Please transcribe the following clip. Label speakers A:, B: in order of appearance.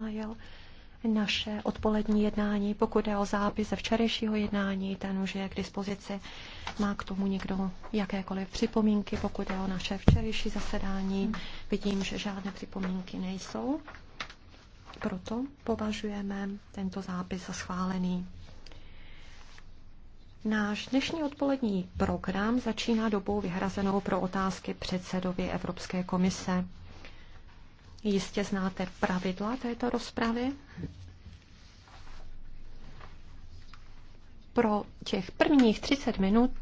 A: zahájil naše odpolední jednání. Pokud je o zápis ze včerejšího jednání, ten už je k dispozici. Má k tomu někdo jakékoliv připomínky, pokud je o naše včerejší zasedání. Vidím, že žádné připomínky nejsou. Proto považujeme tento zápis za schválený. Náš dnešní odpolední program začíná dobou vyhrazenou pro otázky předsedovi Evropské komise. Jistě znáte pravidla této rozpravy. Pro
B: těch prvních 30 minut